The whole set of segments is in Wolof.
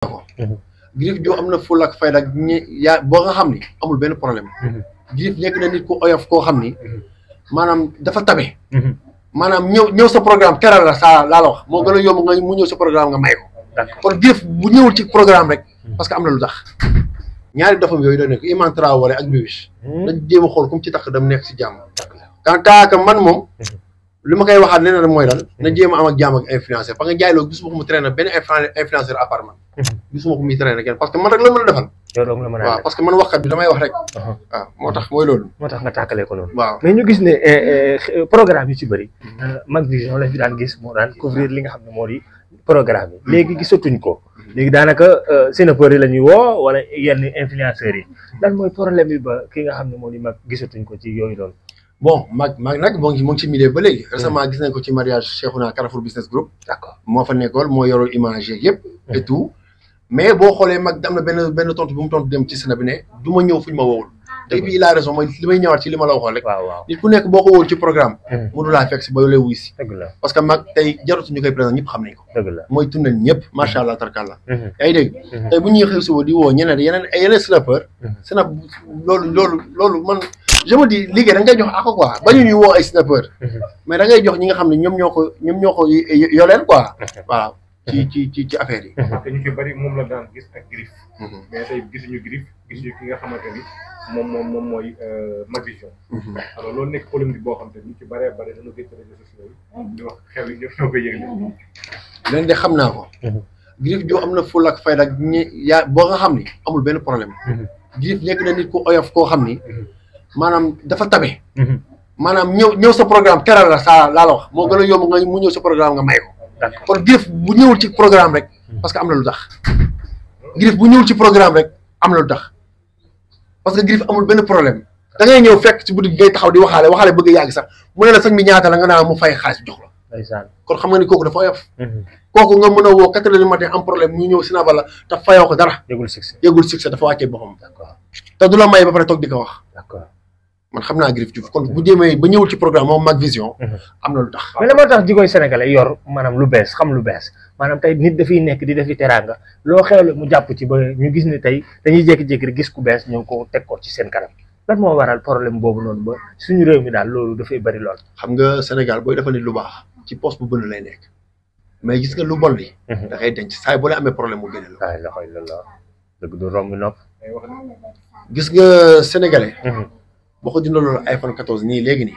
ko mhm. Griff Joob am na fulla ak fay ak ñi yaa boo nga xam ni amul benn problème mhm. Griff nekk na nit oyof koo xam ni mhm. maanaam dafa tabe maanaam ñëw ñëw sa programme teral la saa laa la wax moo gën a yomb nga mu ñëw sa programme nga may ko kon Griff bu ñëwul ci programme rek parce que am na lu tax ñaari dofam yooyu da nekk Iman ak Bibiche dañ jéem a xool ku ci tax dam nekk si jàmm quant à man moom li ma koy waxaat leneen mooy lan na mhm. jéem a am ak jaam ak influenceur parce que Ndiaye Lo gisuma ko mu traîner benn influenceur à part man mhm. mhm. moo tax mooy loolu moo tax nga tàkkalee ko loolu waaw mais ñu gis ne eh, eh, programme yu si bëri euh, Mak Vision la fi daan gis moo daan couvrir li nga xam ne moo di programme yi léegi gisatuñ ko léegi daanaka euh, sénateurs yi la ñuy woo wala yenn influenceurs yi lan mooy problème bi ba ki nga xam ne moo di mag gisatuñ ko ci yooyu loolu bon mag mag nag moo ngi moo ngi ci milieu ba léegi mm. récemment gis nañ ko ci mariage Cheikhouna Carrefour Business Group d'accord mo fa nekkoon mo yoro image yépp mm. et tout mais bo xolé mag dam na benn ben tontu bu mu tontu dem ci Sénégal bi ne du ma ñëw fu ñu ma wowul ah. tey bii il raison moy limay may ñëwaat ci li la waxol rek nit ku nekk boko ko ci programme mm. mënu laa fekk si ba lay wuy si parce que mag tay jarutu ñu koy présent ñëpp xam nañ ko mooy tundal ñëpp macha allah tarkalla mm-hmm. ay ngi dégg mm-hmm. tey bu ñuy xew si di wo ñeneen yeneen ay yeneen snapper mm-hmm. snap lolu lolu lolu man je me dis liggéey da ngay jox ak quoi bañu ñu woo ay snapper mhm. mais da jox ñi nga xam ne ñoom ñoo ko ñoom ñoo ko yoleen quoi waaw ci mhm. ci ci ci affaire yi. Mhm. parce que moom la daan gis ak griffe. mais tey gisuñu griffe nga xamante ni moom moom moom mooy euh, Mavision. alors loolu nekk problème boo xam te ñu ci bëree bëri dañoo gis réseaux sociaux yi di wax de xam naa ko. griffe joo am na ful ak fayda ak ñi yaa boo nga xam ni amul benn problème. griffe nekk na nit ku oyof koo xam ni. maanaam dafa tabe mhm. maanaam ñëw ñëw sa programme teral la saa laa wax moo gën a yomb mu ñëw sa programme nga may ko bu ñëwul ci programme rek mhm. parce que am na lu tax griffe bu ñëwul ci programme rek am lu tax parce que griffe amul benn problème da ci boutique ngay di waxaale a yàgg sax mu ne nga naa mu fay xaalis jox la kon xam nga ni kooku dafa oyof mhm. nga mën a woo quatre heures du ñëw Sinaba la te fayoo ko dara yëgul succès yëgul succès dafa wàccee boppam te du ba pare toog di ko wax man xam naa Griff Diouf kon bu jéemee ba ñëwul ci programme moom Mag Vision. Mhm. am na lu tax. mais la moo tax jigéen sénégalais yor maanaam lu bees xam lu bees maanaam tey nit dafay nekk di defi teraanga loo xewle mu jàpp ci ba ñu gis ne tey dañuy jékki-jékki rek ku bees ñëw ko teg ci seen kanam moo waral problème boobu noonu ba suñu réew mi daal loolu dafay bari lool. xam nga Sénégal booy defal lu baax ci poste bu bëri lay nekk mais gis nga lu bon li. Mhm. da ngay denc saa yi boo leen amee problème mu gën la dëgg du romb nopp. gis nga sénégalais. Mhm. boko ko jëndaloon iPhone 14 ni legui ni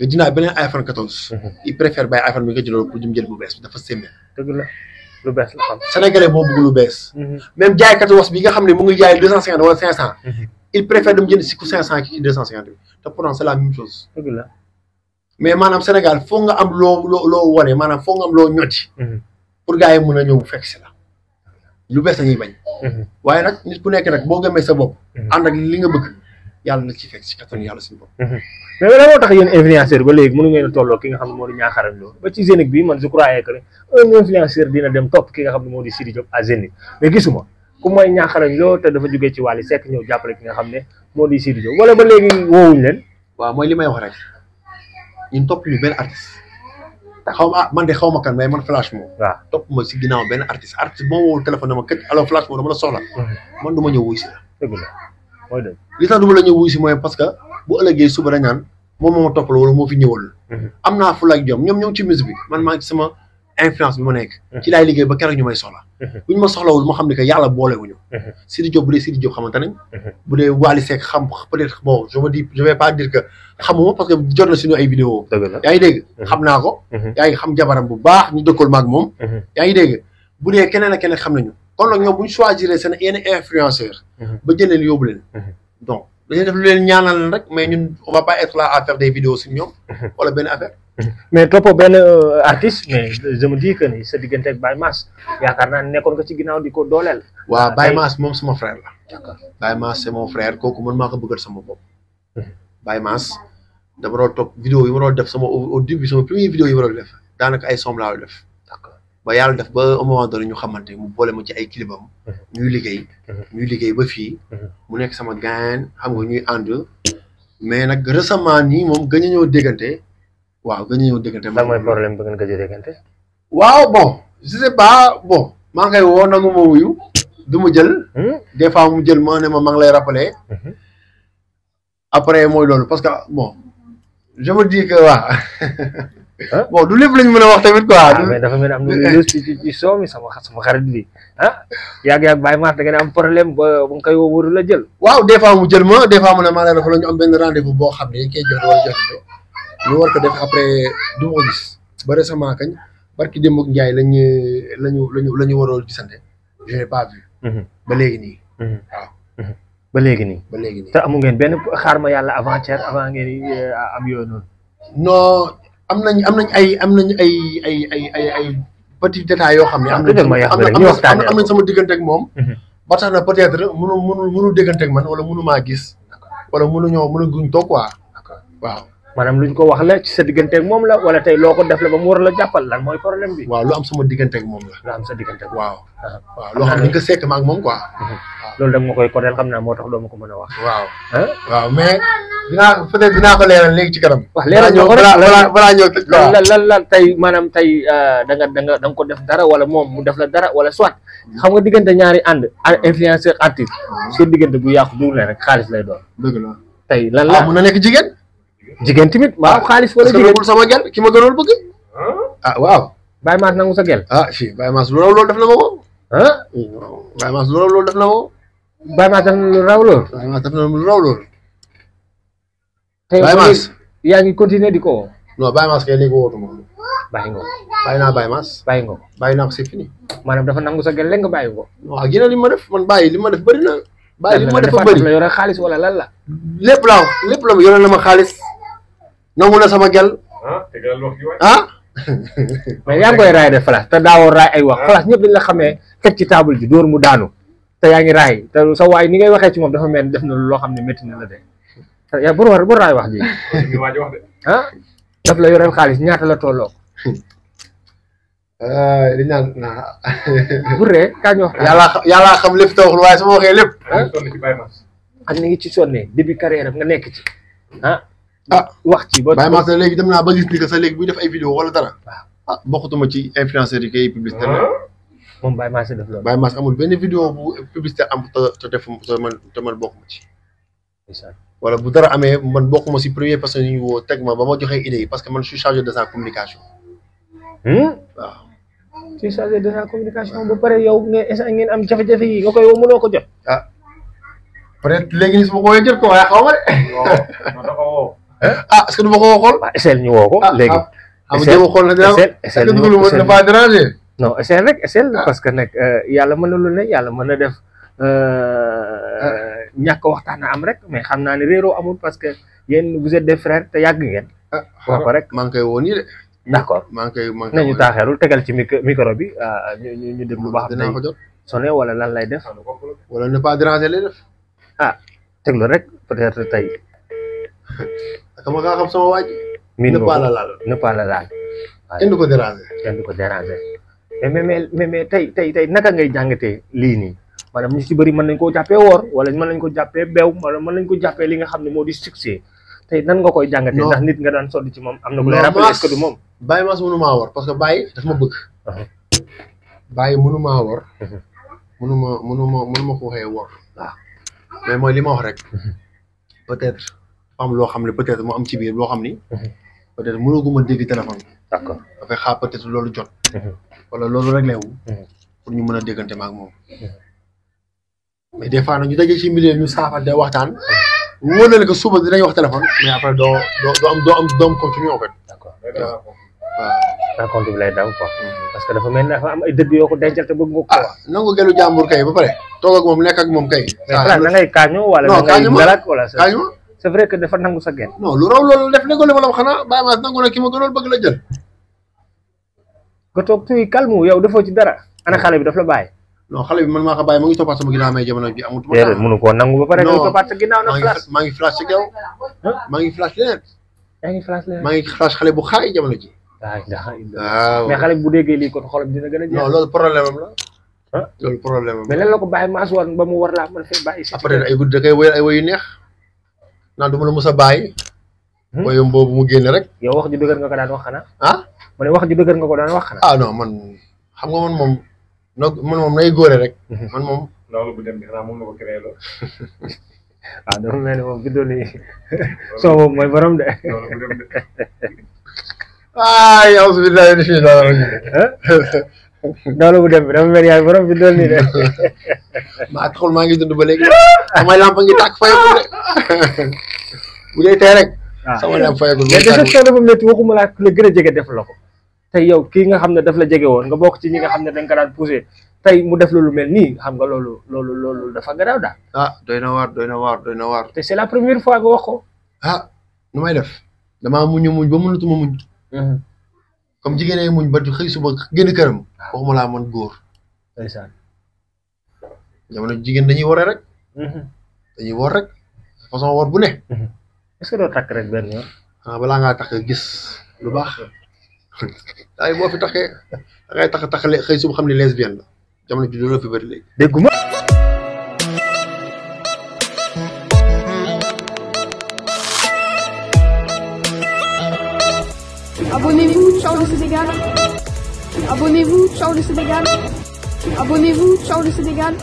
nga dina benen iPhone 14. il préfère bay iPhone bi nga jëloon pour jëm jël bu bees dafa sémmé. deug la lu bees la xam. Sénégalais mo bëgg lu bees. même jaaykatu was bi nga xamni mu ngi jaay 250 wala 500 cent. il préfère dem jënd ci ku cinq cent kii deux cent cinquante bi pourtant c' la même chose. deug la mais manam Sénégal fo nga am lo lo woné manam fo nga am loo ñotti. pour gaay yi mën a ñëw fekk si la. lu bees la ñuy bañ. waye nak nit ku nekk nak bo gëmé sa bop and ak li nga bëgg yàlla na ci fekk ci kattanu yàlla suñu bopp. Mhm. mais lan moo tax yéen influenceur ba léegi mënu ngeen tolo ki nga xam ne moo di ñaaxaral ba ci Zénith bi man je croyais que un influenceur dina dem top ki nga xam ne di Sidi job à Zénith mais gisuma ku mooy ñaaxaral loolu te dafa jógee ci Wally Seck ñëw jàppale ki nga xam ne moo di Sidi job. wala ba léegi woowuñ leen. waaw mooy li may wax rek ñun topp ñu benn artiste te xaw ma ah, man de xaw kan mais man flash mo waaw top ma si ginnaaw ben artiste artiste mo wo téléphone dama kët alors flash mo dama la soxla. Mhm. man du ma wuy si la mooy dëgg li tax du ma ñëw wuy si mooy parce que bu ëllëgee suba dañ naan moom moo ma toppal wala moo fi ñëwal. Mhm. am naa fula ak jom ñoom ñoo ngi ci musique bi man maa ngi sama influence bi nekk. Mhm. ci laay liggéey ba keroog ñu may soxla. Mhm. bu ñu ma soxlawul ma xam ne que yàlla boolewuñu. Sidi Diop bu dee xamante nañ. bu dee Wally Seck xam peut-être bon je me dis je vais pas dire que xamuma parce que jot na suñu ay vidéo. xam naa ko. yaa ngi xam jabaram bu baax ñu dëkkool maag moom. yaa ngi dégg bu dee keneen a keneen xam nañu kon nag ñoom bu ñu choisir seen yenn influenceur mhm. ba jël leen yóbbu leen. Mhm. donc def lu leen ñaanal rek mais ñun on va pas être là à faire des si ñoom. Mhm. wala benn affaire. mais toppoo benn euh, artiste mais je me dis diggante ak Baye Mass yaakaar naa nekkoon nga ci ginnaaw di ko dooleel. waaw ah, Baye Mass moom sama frère la. d'accord Baye Mass c'est mon frère kooku man maa ko bëggal sama bopp. Baye Mass dama doon topp yi ma doon def sama au début sama premier vidéo yi ma doon def daanaka ay somme laa ba yàlla def ba au moment donné ñu xamante mu boole ma ci ay kilibam mhm. ñuy liggéey mhm. ñuy liggéey ba fii mhm. mu nekk sama gaan xam nga ñuy ànd mais nag récemment nii moom gën a ñëw déggante waaw gën a ñëw déggante lan mooy problème bi ngeen gëj a déggante waaw bon je sais pas bon maa ngay woo nangu ma wuyu du ma jël hmm? des fois mu jël ma ne ma ma ngi lay rappeler après mooy loolu parce que bon je me dis que waaw bon du lépp lañ mën a wax tamit quoi. mais dafa mel ni am na lu ci ci soo mi sama sama xarit bi am problème ba ba nga koy woo wóoru la jël. waaw des fois mu jël ma des fois mu ne maa leen dafa boo xam ne dañ koy joxe wala joxe war ko def après du ma ko gis ba récemment kañ barki démb ak Ndiaye lañ lañu lañu la ñu waroon gisante je n'ai pas vu. ba léegi nii. ba léegi nii. ba léegi nii te amu ngeen benn xaar ma yàlla avant-hier avant ngeen am yooyu noonu. am nañ am nañ ay am nañ ay ay ay ay yoo xam ne. am ah, nañ am nañ sama diggante ak moom. Mm-hmm. ba tax na peut-être mënu mënu mënu diggante ak man wala mënu maa gis. wala mënu ñoo mënu guñ toog quoi. waaw. maanaam luñ ko wax la sa diggante ak moom la wala tey loo ko def la ba mu war la jàppal lan mooy problème bi. waaw lu am sama diggante ak moom la. lu am sa diggante ak waaw. Ah. moom quoi. Mm-hmm. waaw loolu da nga ma koy kodeel xam naa moo tax doo ma ko mën a wax. waaw ah? waaw mais. dinaa peut être dinaa ko leeral léegi ci kanam. wax leeral ñoo ko rek balaa ñëw tëj ko lan lan lan tey maanaam tey euh, da nga nga da nga def dara wala moom mu def la dara wala soit xam nga diggante ñaari ànd influenceur artiste seen diggante bu yàqu duur la rek xaalis lay doon. dëgg la tey lan la ah, mën na nekk jigéen. jigéen tamit waaw ah, xaalis wala jigéen parce que ki ma gënoon bëgg. ah waaw. Baye Mass nangu sa gel. ah si Baye Mass loolu loolu na ma ko. ah Baye Mass loolu loolu def na ma ko. Baye Mass def na lu raw loolu. tey yaa ngi continuer di ko woo. non Baye Mass kay léegi wootuma. bàyyi nga ko bàyyi naa Baye Mass. bàyyi naa ko fini. maanaam dafa nangu sa gerte léegi nga bàyyi ko. waaw ak yeneen li ma def man bàyyi li ma def bëri na. bàyyi li ma def bëri la yore xaalis wala lan lépp laa lépp la yore na xaalis nangu na sama gel ah. ah? mais yaa ngi koy raay de Falas te daawoo raay ay wax ah. Falas ñëpp dañ la xamee teg ci table ji dóor mu daanu te yaa ngi raay te sa waay ni ngay waxee ci moom dafa mel def na loo xam ne métti na yow bu war bu raay wax ji ñaata la tolloo li ñu naan bu ree kaa xam lépp taw waaye su ma waxee lépp ngi ci sonnee début carrière am nekk ci ah ah wax ci ba Baye Mass léegi dam naa ba gis ni que sax léegi bu def ay vidéo wala dara ah bokkutuma ci influenceurs yi kay publicité la moom Baye Mass def loolu Baye Mass amul benn vidéo bu publicité am te te defum te man bokkuma ci voilà bu dara amee man bokuma ci premier personne yi ñu woo teg ma ba ma idée parce que man je suis chargé de sa communication. hmm waaw. je suis chargé de sa communication bu paré yow ngeen ngeen am jafé jafé yi nga koy woo mënoo ko jot. ah peut légui ni nii su ma ko woowee jot ko waaye xaw ma de. Hein? ah est ce que du ma ko woo xool. ah SL ñu woo ko légui am mu xol na xool essel daaw est ce que duggul ma dafa déranger. non essel rek SL ah. parce que nag euh, yàlla mën na lu ne yàlla mën na def. Euh, ah. ñàkk waxtaan am rek mais xam naa ne réeroo amul parce que yéen vous êtes des frères te yàgg ngeen. ah rek maa ngi koy woo nii de. d' accord maa ngi koy tegal ci micro micro bi ah, ñu ñu ñu déglu ba xam ne ko wala lan lay def. wala ne pas déranger ah, rek peut-être tey. xam nga xam sama waa laal kenn du ko kenn du ko mais mais mais mais tey tey tey naka ngay jàngatee lii nii. maanaam ñu si bëri mën nañ koo jàppe woor wala mën nañ ko jàppee beew wala man nañ ko jàppee li nga xam ne moo di succès tey nan nga koy jàngatee ndax nit nga daan sodd ci moom am na ku lay rappelé est-ce que du bàyyi maas mënu maa woor parce que bàyyi daf ma bëgg uh-huh. bàyyi mënu maa woor uh-huh. mënu ma mënu ma ko waxee woor waaw mooy li ma wax rek uh-huh. peut am loo xam ne peut-être mu am ci biir loo xam ni peut-être mënaguma dégg téléphone d'accord dafay xaar peut-être loolu jot wala loolu réglé wu pour ñu mën a déggante ma ak moom mais des nag ñu daje ci milieu ñu saafal day waxtaan. wóor na ne que dinañ wax téléphone. mais après doo doo doo am doo am doo am continuer lay daw quoi. parce que dafa mel ni dafa am ay dëgg yoo ko dencal te bëgg nga ko. ah nangu gelu jàmbur kay ba pare. toog ak moom nekk ak moom kay. saa na ngay kaañoo wala da ngay dalak wala kaañoo c'est vrai que dafa nangu sa genn. non lu raw loolu def déggoo li ma la wax xanaa bàyyi ma nangu na ki ma bëgg la jël. nga tuy calme yow defoo ci dara. ana xale bi daf la bàyyi. non xale bi man maa ko bàyyi ma ngi toppaat sama ginnaaw may e jamono bi amut ma dara eh, mënu ko nangu ba pare non toppaat sa ginnaaw na flash maa ngi flash ak yow maa ngi flash leneen yaa ngi flash leneen maa ngi flash xale bu xaay jamono ji waaw mais xale bu déggee lii kon xolam dina gën a non loolu problème am la loolu problème am mais lan la ko bàyyi maas woon ba mu war laa mën fee bàyyi si après ay guddi da koy wéyal ay wayu neex naan du ma la mos a bàyyi hmm? wayum boobu mu génn rek yow wax ju dëgër nga ko daan wax xanaa ah ma ne wax ju dëgër nga ko daan wax xanaa ah non man xam nga man moom noo man moom nay góore rek. Mhm. moom ah, moom la ko créé loo. ah moom bidon yi de. bu dem de. ah yow su bilaay ni bi dafa mel ni yaay borom bidon nii de. maa taxul maa ngi dund ba léegi samay lamp ngi tàkk fayagul de bu dee tey rek. waaw ah. sama lamp fayagul. mais de ce fait dafa métti waxuma laa la gën a jege ko. tay yow ki nga xamne daf la jégué won nga bok ci ñi nga xamne dañ ko daan pousser tay mu def lu mel ni xam nga lolu lolu lolu dafa graw da ah doy war doyna doy doyna war doy c'est la première fois nga waxo ah nu may def dama muñu muñ ba mënatuma muñ. Mhm. comme jigéné muñ ba xëy suba gën kërëm ah. waxuma la man góor. ndeysaan. jamono jigéen dañuy woré rek. Mhm. dañuy wor rek façon wor bu ne. Mhm. est ce que do tak rek ben ah bala nga tak gis lu bax Abonnez-vous, Charles le Sénégal. Abonnez-vous, Charles le Sénégal. Abonnez-vous, Charles le Sénégal.